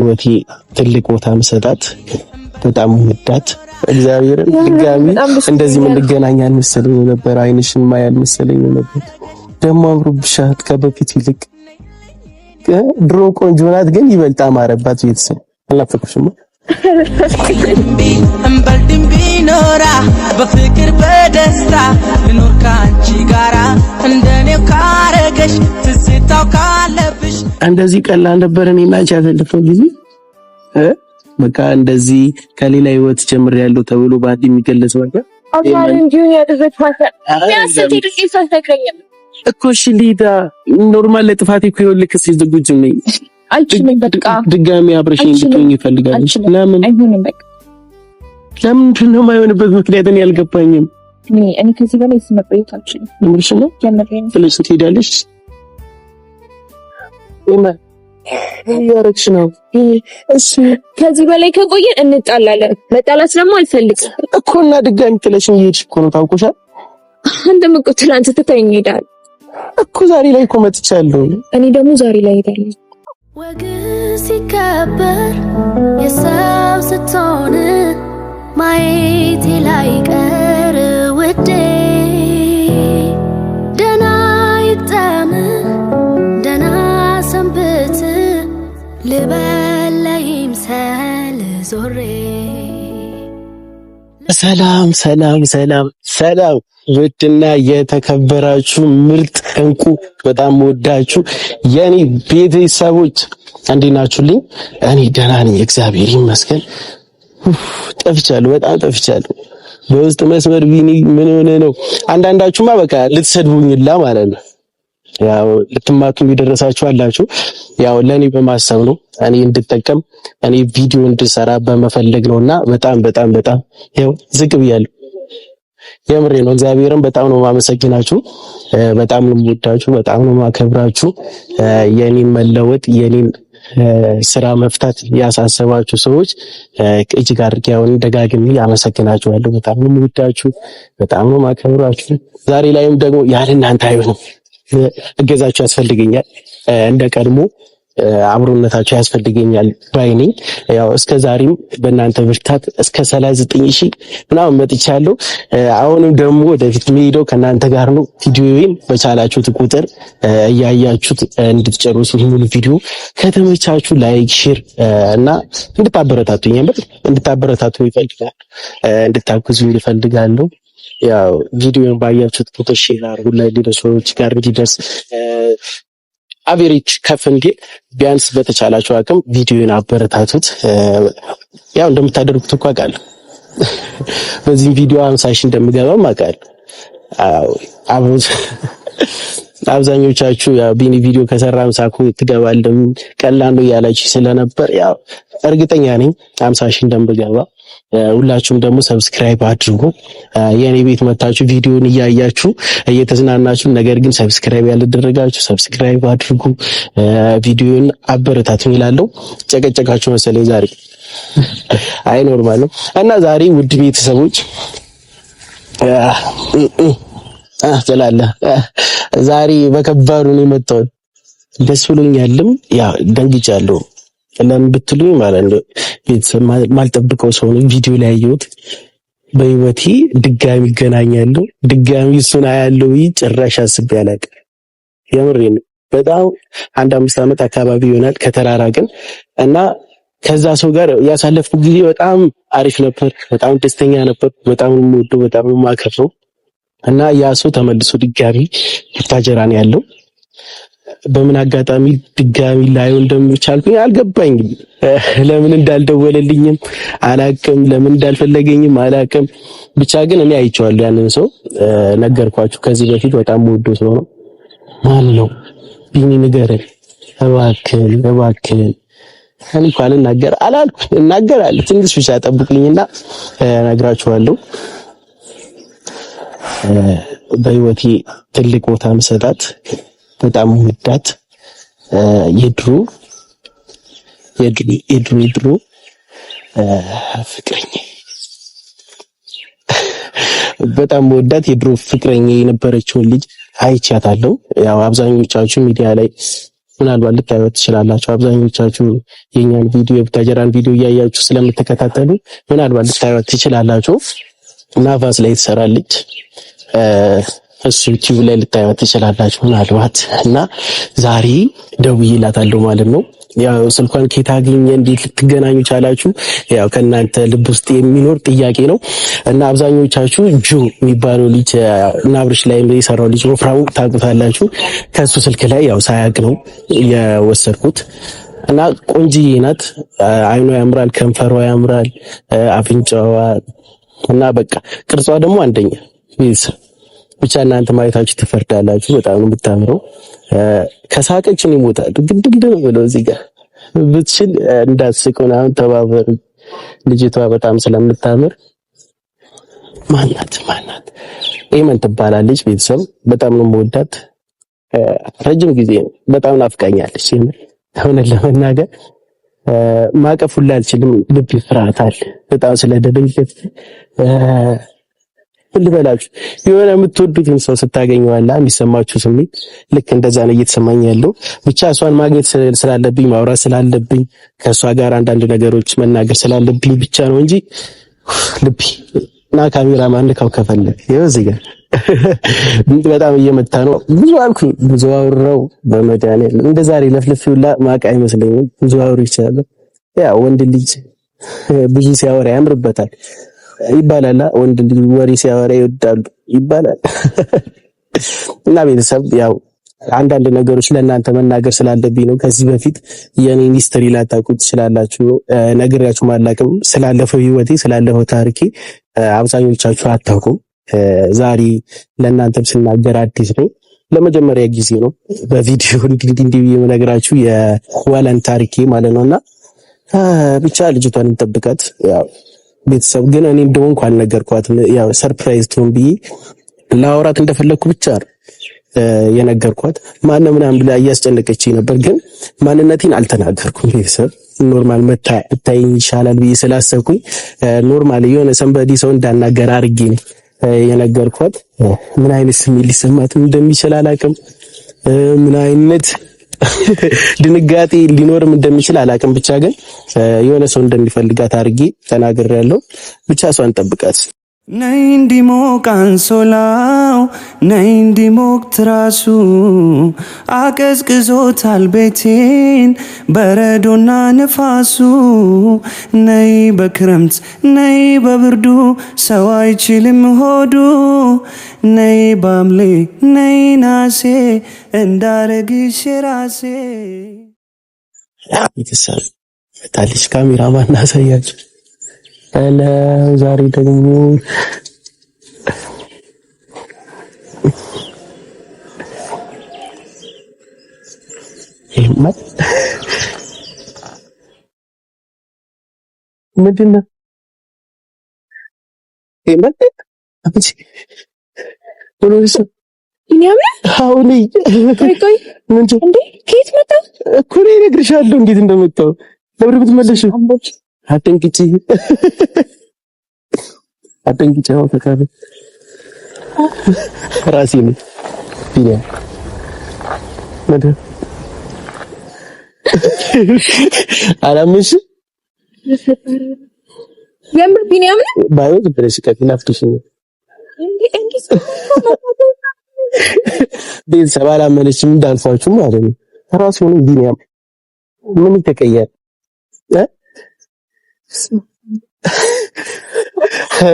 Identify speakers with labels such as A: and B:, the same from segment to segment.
A: ህይወቴ ትልቅ ቦታ መሰጣት በጣም ውዳት እግዚአብሔርን ድጋሚ እንደዚህ የምንገናኝ አልመሰለኝ ነበር። አይንሽን ማይ አልመሰለኝ ነበር። ደግሞ አምሮብሻት ከበፊት ይልቅ ድሮ ቆንጆ ናት፣ ግን ይበልጥ አማረባት። ቤተሰብ አላፈቅሽም? እንበል በፍቅር በደስታ እኖር ከአንቺ ጋራ እንደኔው ካረገሽ ትዝታው ካለብሽ እንደዚህ ቀላል ነበር። እኔ እና አንቺ ጊዜ በቃ እንደዚህ ከሌላ ህይወት ጀምር ያለው ተብሎ በአንድ የሚገለጽ ነበር። እኮ እሺ ሊዳ ኖርማል ለጥፋቴ እኮ ይኸውልህ ክስ ዝግጁ ነኝ
B: አልችልም። በቃ
A: ድጋሚ አብረሽኝ እንድትሆኝ ይፈልጋል።
B: ለምን አይሆንም? በቃ
A: ለምንድን ነው የማይሆንበት ምክንያት እኔ አልገባኝም።
B: እኔ እኔ ከዚህ በላይ መቆየት አልችልም።
A: ምንሽ ነው ስለዚህ ትሄዳለች። እያረግሽ ነው
B: እሺ ከዚህ በላይ ከቆየን እንጣላለን። መጣላት ደግሞ አልፈልግም
A: እኮ እና ድጋሚ ትለሽኝ እየሄድሽ እኮ ነው። ታውቆሻል።
B: አንተም እኮ ትላንት ትተኸኝ ሄዳል
A: እኮ። ዛሬ ላይ እኮ መጥቻለሁ
B: እኔ ደግሞ ዛሬ ላይ ሄዳለሁ ወግ ሲከበር የሰው ስትሆን ማየቴ ላይቀር ውዴ
A: ደና ይግጠም ደና ሰንብት ልበለይም ሰል ዞሬ ሰላም ሰላም ሰላም ሰላም ውድና የተከበራችሁ ምርጥ እንቁ በጣም ወዳችሁ የኔ ቤተሰቦች እንዴት ናችሁልኝ? እኔ ደህና ነኝ፣ እግዚአብሔር ይመስገን። ጠፍቻለሁ፣ በጣም ጠፍቻለሁ። በውስጥ መስመር ቢኒ ምን ሆነ ነው? አንዳንዳችሁማ በቃ ልትሰድቡኝላ ማለት ነው። ያው ልትማቱም የደረሳችሁ አላችሁ። ያው ለኔ በማሰብ ነው፣ እኔ እንድጠቀም፣ እኔ ቪዲዮ እንድሰራ በመፈለግ ነውና በጣም በጣም በጣም ያው ዝግብ ያለው የምሬ ነው። እግዚአብሔርን በጣም ነው ማመሰግናችሁ፣ በጣም ነው ምወዳችሁ በጣም ነው ማከብራችሁ። የኔን መለወጥ የኔን ስራ መፍታት ያሳሰባችሁ ሰዎች እጅግ አድርጌ አሁን ደጋግሜ አመሰግናችኋለሁ። በጣም ነው የምወዳችሁ፣ በጣም ነው ማከብራችሁ። ዛሬ ላይም ደግሞ ያለ እናንተ አይሆንም፣ እገዛችሁ ያስፈልገኛል እንደ ቀድሞ አብሮነታቸው ያስፈልገኛል ባይ ያው እስከ ዛሬም በእናንተ ብርታት እስከ ሰላሳ ዘጠኝ ሺህ ምናምን መጥቻለሁ። አሁንም ደግሞ ወደፊት የሚሄደው ከእናንተ ጋር ነው። ቪዲዮዬን በቻላችሁት ቁጥር እያያችሁት እንድትጨርሱ ሙሉ ቪዲዮ ከተመቻችሁ ላይክ፣ ሼር እና እንድታበረታቱኝ የምር እንድታበረታቱኝ ይፈልጋል እንድታግዙኝ ይፈልጋሉ። ያው ቪዲዮን ባያችሁት ቁጥር ሼር አድርጉ፣ ለሌሎች ሰዎች ጋር እንዲደርስ አቬሬጅ ከፍ እንዲል ቢያንስ በተቻላችሁ አቅም ቪዲዮን አበረታቱት። ያው እንደምታደርጉት እኮ አውቃለሁ። በዚህም ቪዲዮ አምሳ ሺህ እንደምገባም አውቃለሁ። አዎ አብዛኞቻችሁ ያው ቢኒ ቪዲዮ ከሰራ አምሳ እኮ ትገባለህ ቀላል ነው እያላችሁ ስለነበር ያው እርግጠኛ ነኝ አምሳ ሺህ እንደምገባ። ሁላችሁም ደግሞ ሰብስክራይብ አድርጉ። የኔ ቤት መታችሁ ቪዲዮን እያያችሁ እየተዝናናችሁ፣ ነገር ግን ሰብስክራይብ ያልደረጋችሁ ሰብስክራይብ አድርጉ። ቪዲዮን አበረታቱኝ እላለሁ። ጨቀጨቃችሁ መሰለኝ ዛሬ። አይ ኖርማል ነው እና ዛሬ ውድ ቤተሰቦች ትላለህ። ዛሬ በከባዱ ነው የመጣሁት። ደስ ብሎኛልም፣ ያው ደንግጫለሁ። ለምን ብትሉኝ ማለት ነው ቤተሰብ ማልጠብቀው ሰው ነው ቪዲዮ ላይ ያየሁት። በህይወቴ ድጋሚ ይገናኛለሁ፣ ድጋሚ እሱን አያለሁ። ጭራሽ አስቤ አላውቅም። የምሬን በጣም አንድ አምስት ዓመት አካባቢ ይሆናል ከተራራቅን እና ከዛ ሰው ጋር ያሳለፍኩ ጊዜ በጣም አሪፍ ነበር። በጣም ደስተኛ ነበር። በጣም የምወደው በጣም የማከፍረው እና ያ ተመልሶ ድጋሚ ቡታጀራ ያለው። በምን አጋጣሚ ድጋሚ ላየው እንደምቻልኩኝ አልገባኝም። ለምን እንዳልደወለልኝም አላቅም፣ ለምን እንዳልፈለገኝም አላቅም። ብቻ ግን እኔ አይቼዋለሁ ያንን ሰው ነገርኳችሁ። ከዚህ በፊት በጣም ወዶ ሰው ነው። ማን ነው ቢኒ? ንገረኝ እባክህን፣ እባክህን እንኳን እናገር አላልኩ። እናገራለሁ። ትንሽ ብቻ ጠብቁኝና እነግራችኋለሁ። በህይወቴ ትልቅ ቦታ ምሰጣት በጣም ውዳት የድሮ የድሮ የድሮ ፍቅረኛ በጣም ወዳት የድሮ ፍቅረኛ የነበረችውን ልጅ አይቻታለሁ። ያው አብዛኞቻችሁ ሚዲያ ላይ ምናልባት ልታዩት ትችላላችሁ። አብዛኞቻችሁ የኛን ቪዲዮ የብታጀራን ቪዲዮ እያያችሁ ስለምትከታተሉ ምናልባት ልታዩት ትችላላችሁ። ናቫስ ላይ ትሰራለች። እሱ ዩቲዩብ ላይ ልታዩት ትችላላችሁ ምናልባት እና ዛሬ ደውዬላታለሁ ማለት ነው። ያው ስልኳን ከየት አገኘ እንዴት ልትገናኙ ቻላችሁ? ያው ከእናንተ ልብ ውስጥ የሚኖር ጥያቄ ነው እና አብዛኞቻችሁ ጆ የሚባለው ልጅ ናብርሽ ላይ የሰራው ልጅ ወፍራሙ ታውቁታላችሁ። ከሱ ስልክ ላይ ያው ሳያቅ ነው የወሰድኩት እና ቆንጅዬ ናት። አይኗ ያምራል፣ ከንፈሯ ያምራል፣ አፍንጫዋ እና በቃ ቅርጿ ደግሞ አንደኛ ቤዝ ብቻ እናንተ ማየታችሁ ትፈርዳላችሁ። በጣም ነው የምታምረው። ከሳቀች ነው ይሞታል። ግድግድ እዚህ ጋር ብትችል እንዳስቅ ምናምን ተባበሩ። ልጅቷ በጣም ስለምታምር ማናት ማናት ኤመን ትባላለች። ቤተሰብ በጣም ነው የምወዳት። ረጅም ጊዜ በጣም ናፍቃኛለች። የምር እውነት ለመናገር ማቀፍ ሁላ አልችልም። ልብ ይፍራታል በጣም ስለደረጀት ልበላችሁ የሆነ የምትወዱትን ሰው ስታገኘዋላ የሚሰማችሁ ስሜት ልክ እንደዛ ነው እየተሰማኝ ያለው። ብቻ እሷን ማግኘት ስላለብኝ ማውራት ስላለብኝ ከእሷ ጋር አንዳንድ ነገሮች መናገር ስላለብኝ ብቻ ነው እንጂ ልብ ና ካሜራ ማንካው ከፈለግ ይኸው እዚህ ጋር ቢጥ በጣም እየመታ ነው። ብዙ አልኩ ብዙ አውራው በመድኃኒዓለም እንደ ዛሬ ለፍልፍ ሁላ ማቅ አይመስለኝም። ብዙ አውሩ ይችላል። ያ ወንድ ልጅ ብዙ ሲያወራ ያምርበታል ይባላል። ወንድ ልጅ ወሬ ሲያወራ ይወዳሉ ይባላል። እና ቤተሰብ ያው አንዳንድ ነገሮች ለእናንተ መናገር ስላለብኝ ነው። ከዚህ በፊት የኔን ሂስትሪ ላታውቁ ትችላላችሁ። ነግሬያችሁ ማላቅም ስላለፈው ህይወቴ ስላለፈው ታሪኬ አብዛኞቻችሁ አታውቁም። ዛሬ ለእናንተም ስናገር አዲስ ነው። ለመጀመሪያ ጊዜ ነው በቪዲዮ እንግዲህ እንዲህ የምነግራችሁ የዋለን ታሪኬ ማለት ነውና ብቻ ልጅቷን እንጠብቃት። ያው ቤተሰብ ግን እኔ ደግሞ እንኳን አልነገርኳትም። ያው ሰርፕራይዝ ትሆን ብዬ ላወራት እንደፈለግኩ ብቻ ነው የነገርኳት። ማነው ምናምን ብላ እያስጨነቀች ነበር፣ ግን ማንነቴን አልተናገርኩም። ቤተሰብ ኖርማል መታ ብታይ ይሻላል ብዬ ስላሰብኩኝ ኖርማል የሆነ ሰንበዲ ሰው እንዳናገር አድርጌ ነው የነገርኳት ምን አይነት ስሜት ሊሰማት እንደሚችል አቅም ምን አይነት ድንጋጤ ሊኖርም እንደሚችል አላቅም። ብቻ ግን የሆነ ሰው እንደሚፈልጋት አድርጌ ተናግሬያለሁ። ብቻ እሷን ጠብቃት። ነይ እንዲሞቅ አንሶላው ነይ እንዲሞቅ ትራሱ አቀዝቅዞታል ቤቴን በረዶና ንፋሱ ነይ በክረምት ነይ በብርዱ ሰው አይችልም ሆዱ። ነይ ባምሌ ነይ ናሴ እንዳረግሽ ራሴ ቤተሰብ ታልሽ ካሜራ ማናሳያቸው ዛሬ ደግሞ ምንድን ነው ምን አትንግጭ አትንግጭ። ያው ተካበ ራሴ ነው ቢኒያም መደ አላምንሽ
B: የምር ቢኒያም ነው
A: ባይወድ ብለሽ ከፊና ፍትሽ ነው እንዴ እንዴ ቤተሰብ አላመነችም እንዳልፏችሁ ማለት ነው። ራሱ ነው ቢኒያም ምን ተቀየረ?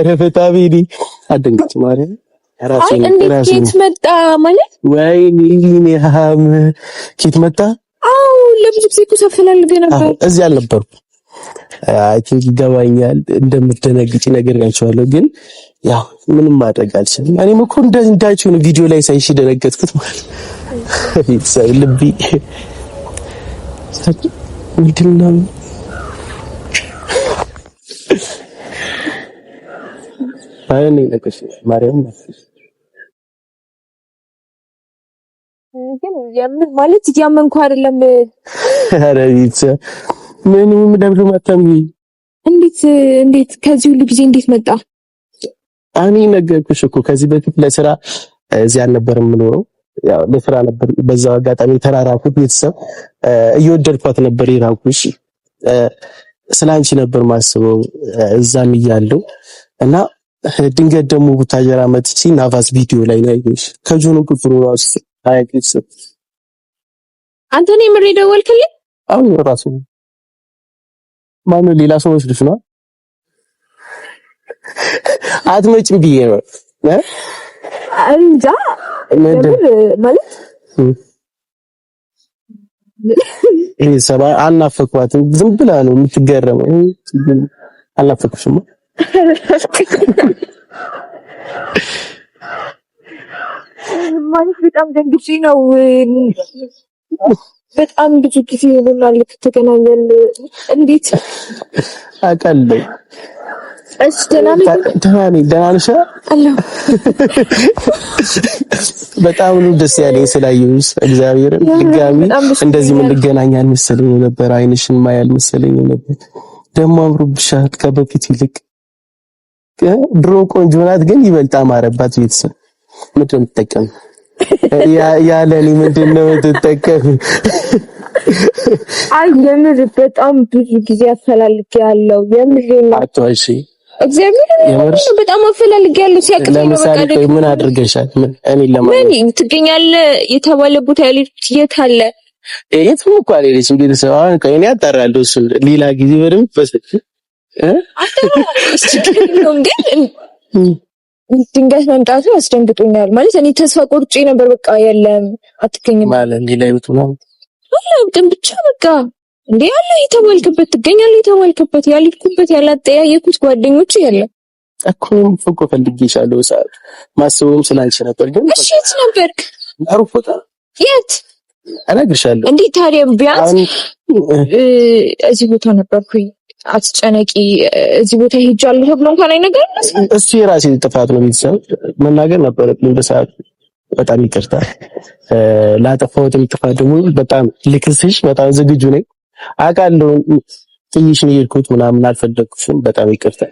A: ረፈታ ቤዲ አደንግጭ ማለት
B: ኬት መጣ ማለት
A: ወይኔ ኬት መጣ?
B: አዎ ለብዙ ጊዜ እኮ ነበር፣
A: እዚህ አልነበርኩም። አይ ይገባኛል እንደምትደነግጪ ነገር ያልቻለሁ፣ ግን ያው ምንም ማድረግ አልችልም። እኔም እኮ እንዳንዳችሁ ነው ቪዲዮ ላይ ሳይሽ ደነገጥኩት ማለት ልቢ ምንድን ነው አይ እኔ
B: ማለት እያመንኩ አይደለም።
A: ኧረ ምንም ደብረ ማታም
B: እንዴት እንዴት ከዚህ ሁሉ ጊዜ እንዴት መጣ?
A: እኔ ነገርኩሽ እኮ ከዚህ በፊት ለስራ እዚህ አልነበረም የምኖረው ያው ለስራ ነበር። በዛው አጋጣሚ ተራራኩት ቤተሰብ እየወደድኳት ነበር የራኩሽ ስለ አንቺ ነበር ማስበው እዛም እያለው እና ድንገት ደግሞ ቡታጀራ መጥቼ ናፋስ ቪዲዮ ላይ ነው ያየሽ። ከጆኑ ቁጥሩ ራሱ አያቂስ
B: አንተ ነው የምሬ ደወልክልኝ?
A: አዎ ራሱ ነው? ሌላ ሰው መስልሽ ነው? አትመጭም ብዬ ነው
B: እንጃ ማለት
A: ይሄ ሰባ አልናፈኳትም። ዝም ብላ ነው የምትገረመው። አልናፈኩሽም?
B: ማለት በጣም ደንግጬ ነው። በጣም ብዙ ጊዜ ይሆናል ከተገናኘን። እንዴት አቀለኝ እሺ ደህና
A: ነኝ። ደህና ነሽ? በጣም ነው ደስ ያለኝ ስላየሁሽ። እግዚአብሔር ድጋሚ እንደዚህ የምንገናኝ አልመሰለኝም ነበር። አይንሽን ማይ አልመሰለኝም ነበር። ደግሞ አምሮብሻል ከበፊት ይልቅ። ድሮ ቆንጆ ናት፣ ግን ይበልጥ አማረባት። ቤተሰብ ምንድን ነው የምትጠቀም ያለ እኔ ምንድን ነው የምትጠቀም?
B: አይ የምር በጣም ብዙ ጊዜ አፈላልጌ ያለው የምር ነው። እግዚአብሔር በጣም አፈላልጌያለሁ።
A: ሲያቅተኝ ነው። ለምሳሌ ቆይ ምን አድርገሻል? እኔ
B: ለማን ትገኛለ የተባለ ቦታ ያለች የት አለ?
A: የት ነው እኮ አልሄደችም። ቤተሰብ አሁን ቆይ እኔ አጣራለሁ። እሱ ሌላ ጊዜ በደምብ በሰጥ
B: እ ድንገት መምጣቱ ያስደንግጦኛል። ማለት እኔ ተስፋ ቆርጬ ነበር። በቃ የለም አትገኝም
A: ማለት ሌላ ይወጡ ነው
B: አላውቅም ብቻ በቃ እንዴ ያለ የተባልክበት ትገኛለህ። የተባልክበት ያልኩበት ያላጠያየኩት ጓደኞች ያለ
A: እኮ ፍቆ ፈልጌሻለሁ። ሰዓት ማስበውም ስላንቺ ነበር። ግን
B: እሺ፣ የት ነበርክ? አሩፍ ቦታ የት? እነግርሻለሁ። እንዴ ታዲያ ቢያንስ እዚህ ቦታ ነበርኩኝ፣ አትጨነቂ፣ እዚህ ቦታ ሄጃለሁ ተብሎ እንኳን አይነገር።
A: እሱ የራሴ ጥፋት ነው። ቤተሰብ መናገር ነበረብኝ በሰዓቱ። በጣም ይቅርታ ላጠፋሁትም ጥፋት ደግሞ በጣም ልክስሽ፣ በጣም ዝግጁ ነኝ አውቃለሁ ትንሽ ነው የሄድኩት ምናምን አልፈለግኩሽም፣ በጣም ይቅርታ።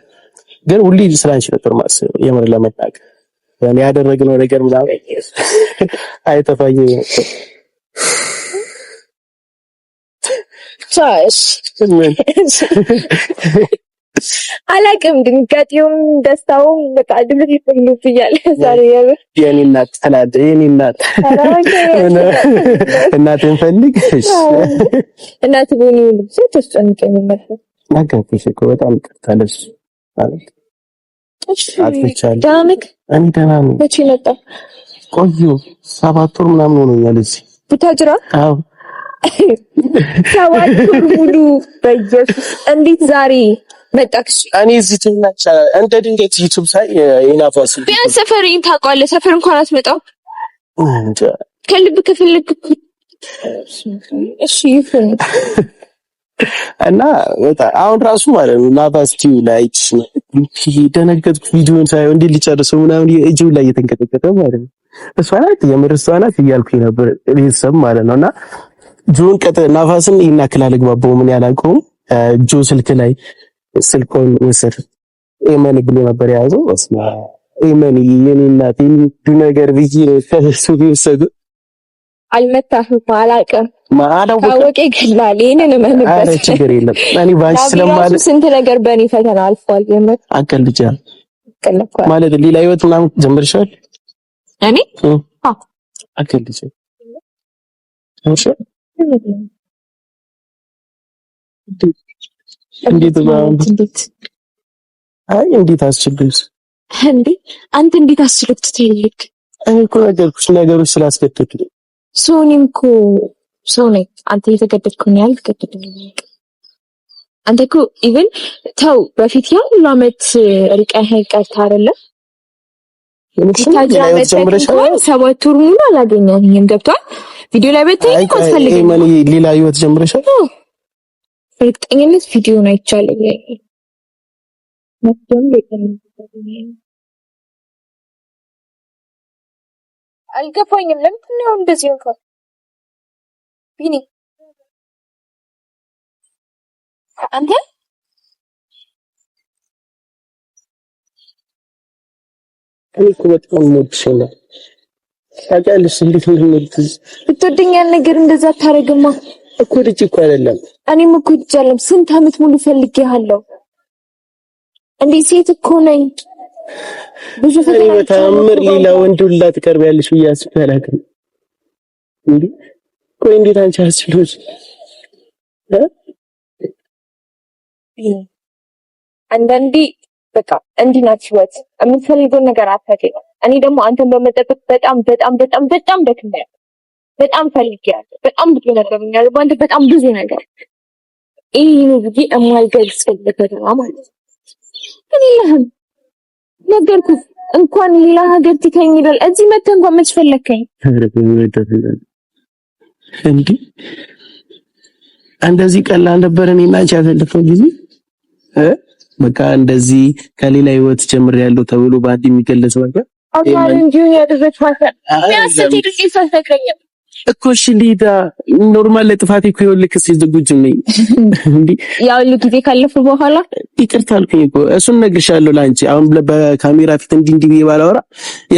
A: ግን ሁሌ ስላንቺ ነበር ማስብ የምር ለመናገር ያኔ ያደረግነው ነገር ምናምን አይጠፋኝ።
B: አላቅም ድንጋጤውም ደስታውም በቃ ድብልት ይፈልጉብኛል። ዛሬ የምር
A: የኔ እናት ተናደ እናት እናቴን ፈልግ
B: እናት ጎኒ ልብስ ተስጨንቀኝ ነበር።
A: እኮ በጣም ቅርታ ልብስ ማለት
B: አጥፍቻለሁ። ደህና ነህ? እኔ ደህና ነኝ። መቼ መጣ?
A: ቆዩ ሰባት ወር ምናምን ሆኖኛል። እዚህ
B: ቡታጅራ? አዎ ሰባት ወር ሙሉ በየሱስ እንዴት ዛሬ
A: እኔ እዚህ ትናቻ እንደ ድንገት ዩቱብ ሳይ ኢናፋስ
B: ቢያንስ ሰፈር ታውቀዋለህ። ሰፈር እንኳን አትመጣም። ከልብ ከፈለግ እሺ ይፈን
A: እና አሁን ራሱ ማለት ነው ናቫስቲ ላይ ደነገጥኩ። ቪዲዮን ሳይሆን እንዴ ሊጨርሰው ምናምን እጅው ላይ እየተንቀጠቀጠ ማለት ነው። እሷ ናት የምር እሷ ናት እያልኩኝ ነበር ቤተሰብ ማለት ነው። እና ጆን ቀጥ ናፋስን ይናክላል አልግባባውም። ምን ያላቀውም ጆ ስልክ ላይ ስልኮን ውሰድ ኤመን ብሎ ነበር የያዘው። ኤመን የኔ እናት የሚዱ ነገር ብዬ ከሱ ወሰዱ።
B: አልመታህም? አላውቅም። ካወቀ ይገላል። ይህንን እመንበት።
A: ችግር የለም። እኔ ባንቺ
B: ስለማለ ስንት ነገር በእኔ ፈተና አልፏል።
A: የምር አቀልጃል ማለት ሌላ ህይወት ምናምን ጀምርሻል። እኔ እንዴት አይ እንዴት
B: እንዴ? አንተ እንዴት አስችልክ ትተይልክ?
A: እኔ እኮ ነገርኩሽ፣ ነገሮች ስላስገደዱኝ።
B: ሰው እኮ ሰው አንተ የተገደድኩ ነው አንተ እኮ ኢቨን ተው፣ በፊት ያ ሁሉ አመት ርቀህ ቀርታ አይደለ? ሰባት ወር ሙሉ አላገኘኝም። ገብቷል። ቪዲዮ ላይ በተይ
A: እኮ ሌላ ህይወት ጀምረሻል።
B: በእርግጠኝነት ቪዲዮን አይቻለሁ። አልገፋኝም ለምንድን ነው እንደዚህ ነው ቢኒ አንተ
A: እኔ እኮ በጣም ሞድሽ ነው ታውቂያለሽ። እንዴት እንደምወድሽ
B: ብትወደኛ ነገር እንደዛ አታረግማ
A: እኮ ልጅ እኮ አይደለም
B: እኔም እኮ ሄጃለሁ። ስንት አመት ሙሉ ፈልጌሃለሁ። እንዴ ሴት እኮ ነኝ።
A: ብዙ ፈተና ተአምር ሌላ ወንድ ሁላ ትቀርቢያለሽ ብዬሽ አስቤ አላውቅም። እንዴ ቆይ እንዴት አንቺ አስችሎሽ
B: አንዳንዴ በቃ እንዲህ ናት ህይወት። የምትፈልገውን ነገር አታገኝ። እኔ ደግሞ አንተን በመጠበቅ በጣም በጣም በጣም በጣም ደክሜያለሁ። በጣም ፈልጌያለሁ። በጣም ብዙ ነገር በአንተ በጣም ብዙ ነገር ይህ ነው ማለት የለህም እንኳን ሌላ ሀገር ትተኝ እዚህ መተህ እንኳን መች ፈለከኝ
A: እንደዚህ ቀላል ነበር። እኔ ጊዜ በቃ እንደዚህ ከሌላ ህይወት ጀምር ያለው ተብሎ በአንድ የሚገለጽ ነገር
B: እንዲሁ ያደረግ ድርጊት
A: እኮ እሺ፣ እንዴት ኖርማል ለጥፋት እኮ ይኸውልህ እስኪ ዝግጁ ነኝ።
B: ያው ሁሉ ጊዜ ካለፈ በኋላ
A: ይቅርታ አልኩኝ እኮ እሱን እነግርሻለሁ። ለአንቺ አሁን በካሜራ ፊት እንዲህ እንዲህ ብዬሽ ባላወራ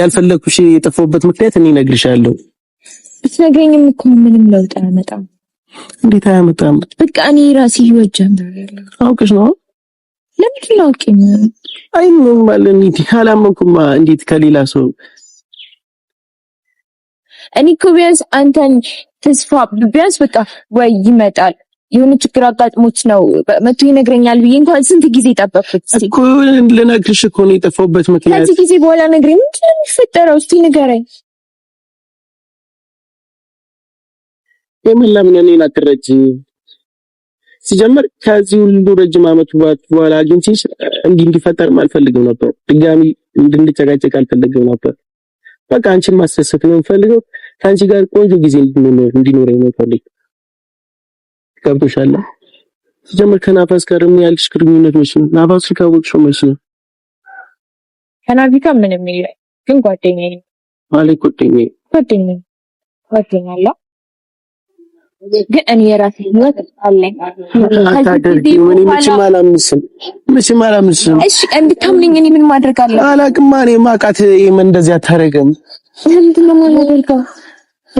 A: ያልፈለግኩሽ የጠፋሁበት ምክንያት እኔ እነግርሻለሁ።
B: ብትነግረኝም እኮ ምንም ለውጥ አያመጣም።
A: እንዴት አያመጣም?
B: በቃ እኔ ራሴ ህይወት ጀምሬያለሁ። አውቅሽ ነው ለምንድን ነው አውቄ?
A: አይ ኖርማል እንዴ አላመንኩማ። እንዴት ከሌላ ሰው
B: እኔ እኮ ቢያንስ አንተን ተስፋ ቢያንስ በቃ ወይ ይመጣል የሆነ ችግር አጋጥሞት ነው መቶ ይነግረኛል ብዬ እንኳን ስንት ጊዜ ጠበቅኩት
A: እኮ። ልነግርሽ እኮ ነው የጠፋሁበት ምክንያት።
B: ከዚህ ጊዜ በኋላ ነግሬ ምንድን ነው የሚፈጠረው? እስቲ ንገረኝ።
A: የምን ለምን እኔን አትረጂ ሲጀምር ከዚህ ሁሉ ረጅም አመት በኋላ አግኝቼሽ እንዲህ እንዲፈጠርም አልፈልግም ነበር። ድጋሚ እንድንጨቃጨቅ አልፈልግም ነበር። በቃ አንቺን ማስደሰት ነው የምፈልገው። ከአንቺ ጋር ቆንጆ ጊዜ እንዲኖረኝ ነው ፈልግ። ገብቶሻል። ሲጀምር ከናፋስ ጋር ምን ያልሽ ግንኙነት ነው? ናፋስ ካወቅሽው መች ነው?
B: ከናፊካ ምንም የለም፣ ግን ጓደኛዬ
A: ማለት ጓደኛዬ
B: ጓደኛዬ ጓደኛ አለ። ግን እኔ የራሴ ህይወት
A: አለኝ። ምን አላምንሽም፣ አላምንሽም።
B: እሺ እኔ ምን ማድረግ
A: አለ? አላቅማ እኔ ማቃት ይሄም እንደዚህ አታረገም።
B: ምንድን ነው የማደርገው?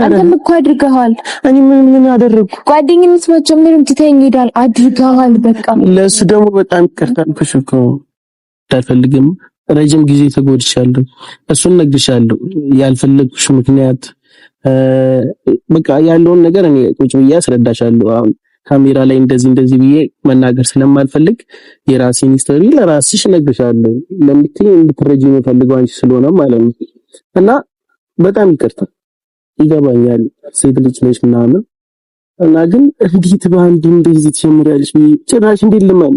B: አንተም እኮ አድርገዋል።
A: እኔ ምን ምን አደረኩ?
B: ጓደኝነት መቼም ምንም ትተኝ ሄዳል። አድርገዋል። በቃ
A: ለእሱ ደግሞ በጣም ይቅርታ አልኩሽ እኮ ረጅም ጊዜ ተጎድቻለሁ። እሱን ነግሻለሁ። ያልፈለግኩሽ ምክንያት በቃ ያለውን ነገር እኔ ቁጭ ብዬ አስረዳሻለሁ። አሁን ካሜራ ላይ እንደዚህ እንደዚህ ብዬ መናገር ስለማልፈልግ የራሴን ሂስቶሪ ለራስሽ ነግሻለሁ። ለምትኝ እንድትረጂ የምፈልገው አንቺ ስለሆነ ማለት ነው እና በጣም ይቅርታ ይገባኛል፣ ሴት ልጅ ነች ምናምን እና ግን እንዴት በአንድ እንደዚህ ትጀምሪያለሽ? ጭራሽ እንዴት ልመን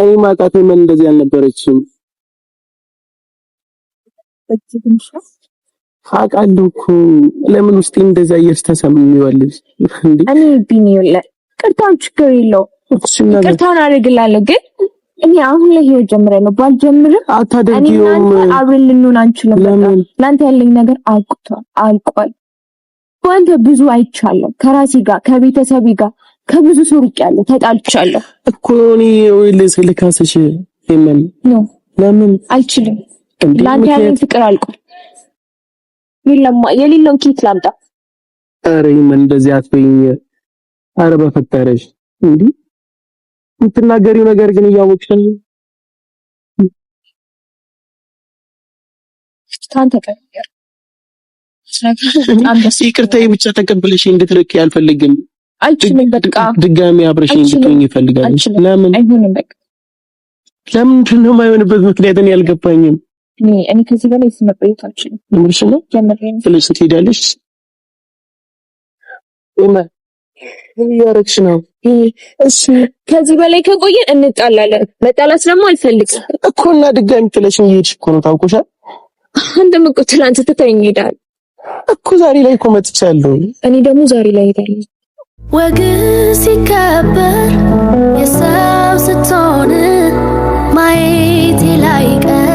A: እኔ ማቃቴ ምን እንደዚህ አልነበረችም። አውቃለሁ እኮ ለምን ውስጤ እንደዚህ አየር ተሰማኝ። ይኸውልሽ
B: እኔ ቢኒ ይኸውልህ፣ ቅርታው ችግር የለውም ቅርታውን አድርግላለሁ ግን እኔ አሁን ላይ ህይወት ጀምረ ነው ባልጀምርም
A: አታደርጊውም።
B: አብረን ልንሆን አንችልም። ለአንተ ያለኝ ነገር አልቋል አልቋል። በአንተ ብዙ አይቻለሁ። ከራሴ ጋር ከቤተሰቤ ጋር ከብዙ ሰው ርቄያለሁ፣ ተጣልቻለሁ
A: እኮ እኔ ወይ ልካስሽ የለም ለምን
B: አልችልም። ለአንተ ያለኝ ፍቅር አልቋል። የለም የሌለውን ኬት ላምጣ?
A: አረ ይመን እንደዚህ አትበይኝ። አረ በፈጠረሽ እንዲህ የምትናገሪው ነገር ግን እያወቅሽ ነው። ይቅርታዬ ብቻ ተቀብለሽ እንድትርቅ አልፈልግም። ድጋሚ አብረሽኝ እንድትሆኝ ይፈልጋል። ለምን ለምንድን ነው የማይሆንበት ምክንያት እኔ አልገባኝም።
B: እኔ ከዚህ በላይ
A: አልችልም። ትሄዳለሽ ምን እያደረግሽ ነው?
B: እሺ ከዚህ በላይ ከቆየን እንጣላለን። መጣላት ደግሞ አልፈልግም
A: እኮ እና ድጋሚ ጥለሽኝ እየሄድሽ እኮ ነው። ታውቆሻል።
B: አንድም እኮ ትናንት ትተኸኝ ሄዳል
A: እኮ። ዛሬ ላይ እኮ መጥቻለሁ።
B: እኔ ደግሞ ዛሬ ላይ ሄዳለሁ። ወግ ሲከበር የሰው ስትሆን ማየት ላይቀር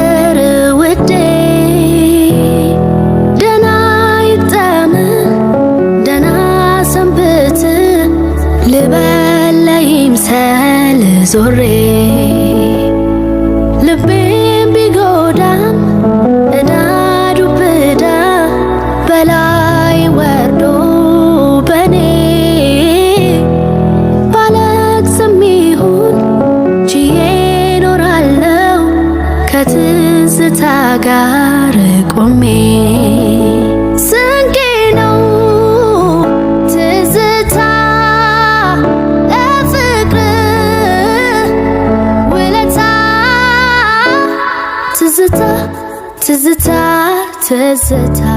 B: ዞሬ ልቤ tizita tizita